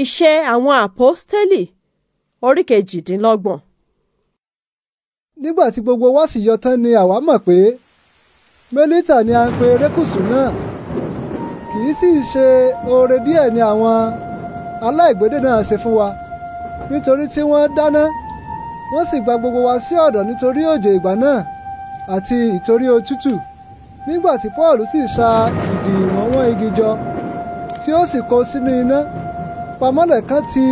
Iṣẹ́ àwọn àpọ́stélì orí kejìdínlọ́gbọ̀n. Nígbà tí gbogbo wa sì yọ tán ni àwa mọ̀ pé Mélítà ni a ń pe erékùṣù náà kì í sì ṣe oore díẹ̀ ni àwọn aláìgbédè náà ṣe fún wa nítorí tí wọ́n dáná wọ́n sì gba gbogbo wa sí ọ̀dọ̀ nítorí òjò ìgbà náà àti ìtorí òtútù nígbà tí Paul sì sa ìdì ìwọ̀nwọ́n igi jọ tí ó sì kó sínú iná àpamọ́lẹ̀ kan ti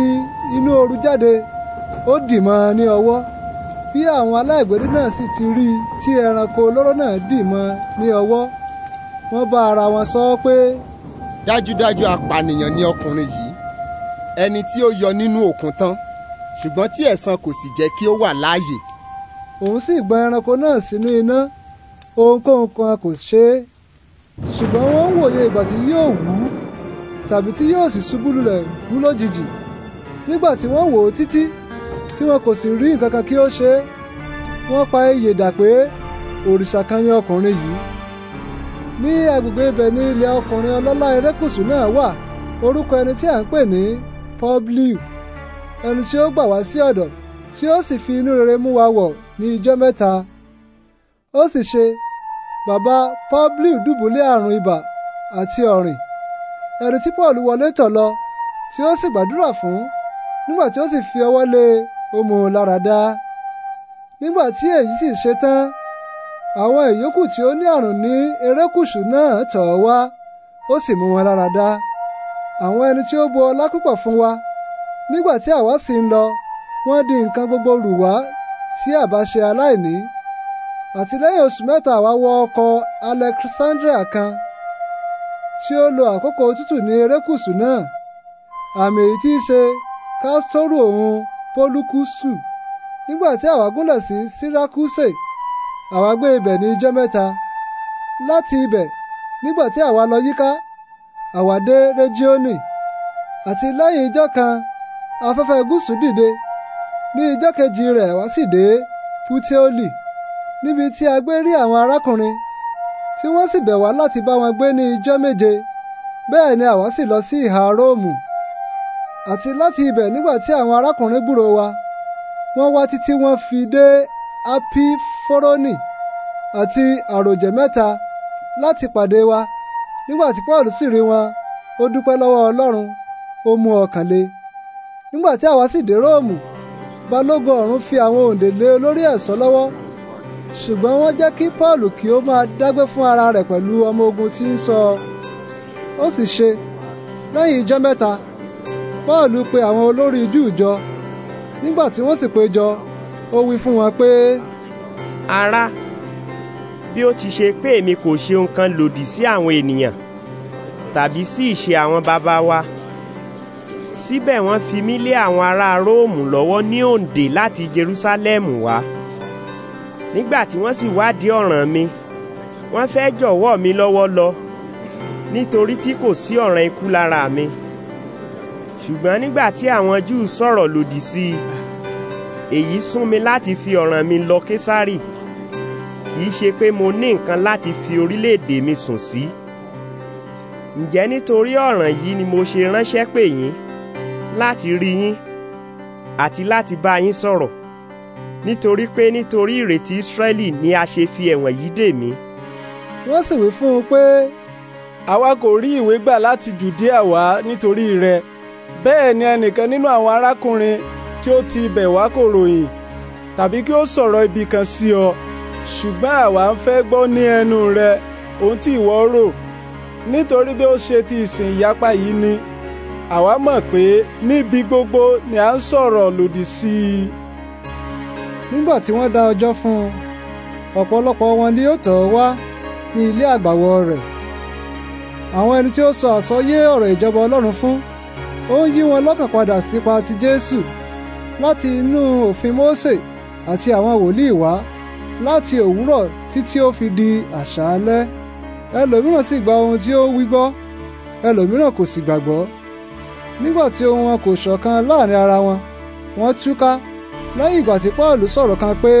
inú ooru jáde ó dì mọ́ ọ ní ọwọ́ bí àwọn aláìgbédé náà sì ti rí i tí ẹranko olóró náà dì mọ́ ọ ní ọwọ́ wọ́n bá ara wọn sọ pé. dájúdájú apànìyàn ni ọkùnrin yìí ẹni tí ó yọ nínú òkun tán ṣùgbọ́n tí ẹ̀san kò sì jẹ́ kí ó wà láàyè. òun sì gbọn ẹranko náà sínú iná ohunkóhun kan kò ṣe é ṣùgbọ́n wọ́n ń wòye ìgbà tí yóò wú tàbí tí yóò sì ṣubú lulẹ̀ kú lójijì nígbà tí wọ́n wò ó títí tí wọn kò sì rí nǹkan kan kí ó ṣe é wọ́n pa iyè dà pé òrìṣà kan ni ọkùnrin yìí ní agbègbè ibẹ̀ ní ilẹ̀ ọkùnrin ọlọ́lá erékùṣù náà wà orúkọ ẹni tí à ń pè ní Publiu ẹni tí ó gbà wá sí ọ̀dọ̀ tí ó sì fi inú rere mú wa wọ̀ ní ijọ́ mẹ́ta ó sì ṣe bàbá Publiu dùbúlẹ̀ àrùn ibà àti ọ̀rìn ẹ̀rí tí paul wọlé tọ̀ lọ tí ó sì gbàdúrà fún nígbà tí ó sì fi ọwọ́ lé ó mú un lára dá nígbà tí èyí sì ṣe tán àwọn ìyókù tí ó ní àrùn ní erékùṣù náà tọ̀ ọ́ wá ó sì mú wọn lára dá àwọn ẹni tí ó bu ọlá púpọ̀ fún wa nígbà tí àwa sì ń lọ wọ́n di nǹkan gbogbo rù wá sí àbáṣe aláìní àti oṣù mẹ́ta àwa wọ ọkọ̀ Alexandria kan tí ó lo àkókò òtútù ní erékùṣù náà àmì èyí tí í ṣe kásítọ́rù òun pólúkúṣù nígbà tí àwa gúnlẹ̀ sí sírákúṣè àwa gbé ibẹ̀ ní ijọ́ mẹ́ta láti ibẹ̀ nígbà tí àwa lọ yíká àwa dé rẹ́jíọ́nì àti lẹ́yìn ijọ́ kan afẹ́fẹ́ gúúsù dìde ní ijọ́ kejì rẹ̀ wá sì dé puteoli níbi tí a gbé rí àwọn arákùnrin tí wọ́n sì bẹ̀ wá láti bá wọn gbé ní ijọ́ méje bẹ́ẹ̀ ni àwa sì lọ sí ìhà róòmù àti láti ibẹ̀ nígbà tí àwọn arákùnrin gbúrò wa wọ́n wá títí wọ́n fi dé api fọ́rọ́nì àti àròjẹ mẹ́ta láti pàdé wa nígbà tí paul sì rí wọn ó dúpẹ́ lọ́wọ́ ọlọ́run ó mú ọkàn le nígbà tí àwa sì dé róòmù balógun ọ̀rún fi àwọn òǹdè lé olórí ẹ̀ṣọ́ lọ́wọ́ ṣùgbọ́n wọ́n jẹ́ kí Paul kí ó máa dágbé fún ara rẹ̀ pẹ̀lú ọmọ ogun tí ń sọ ó sì ṣe lẹ́yìn ijọ́ mẹ́ta Paul pe àwọn olórí Júù jọ nígbà tí wọ́n sì péjọ ó wí fún wọn pé. ará bí ó ti ṣe pé èmi kò ṣe nǹkan lòdì sí àwọn ènìyàn tàbí sí ìṣe àwọn bàbá wa síbẹ̀ wọ́n fi mí lé àwọn ará Róòmù lọ́wọ́ ní òǹdè láti Jerúsálẹ́mù wá nígbà tí wọ́n sì wádìí ọ̀ràn mi wọ́n fẹ́ jọ̀wọ́ mi lọ́wọ́ lọ nítorí tí kò sí ọ̀ràn ikú lára mi ṣùgbọ́n nígbà tí àwọn Júù sọ̀rọ̀ lòdì sí i èyí sún mi láti fi ọ̀ràn mi lọ Késárì kì í ṣe pé mo ní nǹkan láti fi orílẹ̀-èdè mi sùn sí ǹjẹ́ nítorí ọ̀ràn yìí ni mo ṣe ránṣẹ́ pè yín láti rí yín àti láti bá yín sọ̀rọ̀ nítorí pé nítorí ìrètí Ísírẹ́lì ni a ṣe fi ẹ̀wọ̀n yìí dè mí. wọ́n sì wí fún un pé àwa kò rí ìwé gbà láti Jùdíà wá nítorí rẹ bẹ́ẹ̀ ni ẹnìkan nínú àwọn arákùnrin tí ó ti ibẹ̀ wá kò ròyìn tàbí kí ó sọ̀rọ̀ ibi kan sí ọ ṣùgbọ́n àwa ń fẹ́ gbọ́ ní ẹnu rẹ ohun tí ìwọ rò nítorí bí ó ṣe ti ìsìn ìyapa yìí ni àwa mọ̀ pé níbi gbogbo ni à ń sọ̀rọ̀ lòdì sí i nígbà tí wọ́n dá ọjọ́ fún ọ̀pọ̀lọpọ̀ wọn ni ó tọ̀ wá ní ilé àgbàwọ̀ rẹ̀ àwọn ẹni tí ó sọ àsọyé ọ̀rọ̀ ìjọba ọlọ́run fún ó ń yí wọn lọ́kàn padà sípa ti jésù láti inú òfin mósè àti àwọn wòlíì wá láti òwúrọ̀ títí ó fi di àṣálẹ́ ẹlòmíràn sì gba ohun tí ó wí gbọ́ ẹlòmíràn kò sì gbàgbọ́ nígbà tí ohun wọn kò ṣọ̀kan láàrin ara wọn wọ́n túká lẹ́yìn ìgbà tí paul sọ̀rọ̀ kan pé.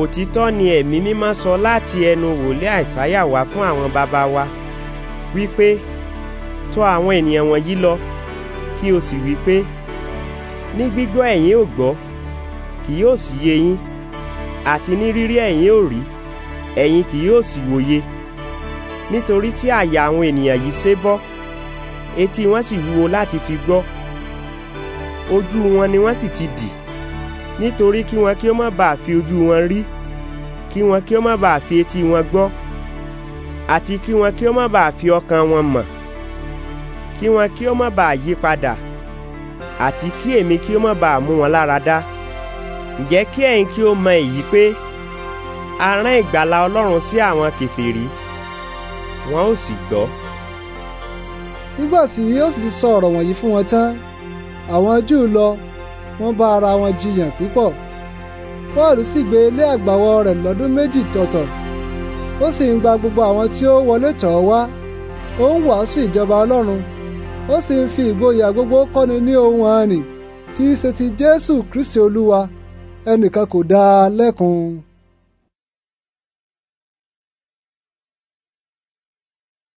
òtítọ́ ni ẹ̀mí mímọ́ sọ láti ẹnu wòlíì àìsáyà wá fún àwọn bàbá wa wípé tọ̀ àwọn ènìyàn wọ̀nyí lọ kí o sì wí pé ní gbígbọ́ ẹ̀yin ò gbọ́ kì yóò sì yé yín àti ní rírí ẹ̀yin ò rí ẹ̀yin kì yóò sì wòye nítorí tí àyà àwọn ènìyàn yìí sé bọ́ etí wọn sì wúwo láti fi gbọ́ ojú wọn ni wọ́n sì ti dì. Si nítorí kí wọn kí ó má bàa fi ojú wọn rí kí wọn kí ó má bàa fi etí wọn gbọ́ àti kí wọn kí ó má bàa fi ọkàn wọn mọ̀ kí wọn kí ó má bàa yí padà àti kí èmi kí ó má bàa mú wọn lára dá ǹjẹ́ kí ẹ̀yin kí ó mọ èyí pé a rán ìgbàlà sí àwọn kèfèrí wọn ò sì gbọ́. nígbà tí ó sì sọ ọ̀rọ̀ wọ̀nyí fún wọn tán àwọn Júù lọ wọ́n bá ara wọn jiyàn púpọ̀ paul sì gbé ilé àgbàwọ̀ rẹ̀ lọ́dún méjì tọ̀tọ̀ ó sì ń gba gbogbo àwọn tí ó wọlé tọ̀ wá ó ń wàásù ìjọba ọlọ́run ó sì ń fi ìgboyà gbogbo kọ́ni ní ohun àánì tí í ṣe ti jésù kristi olúwa ẹnìkan kò dá lẹ́kun.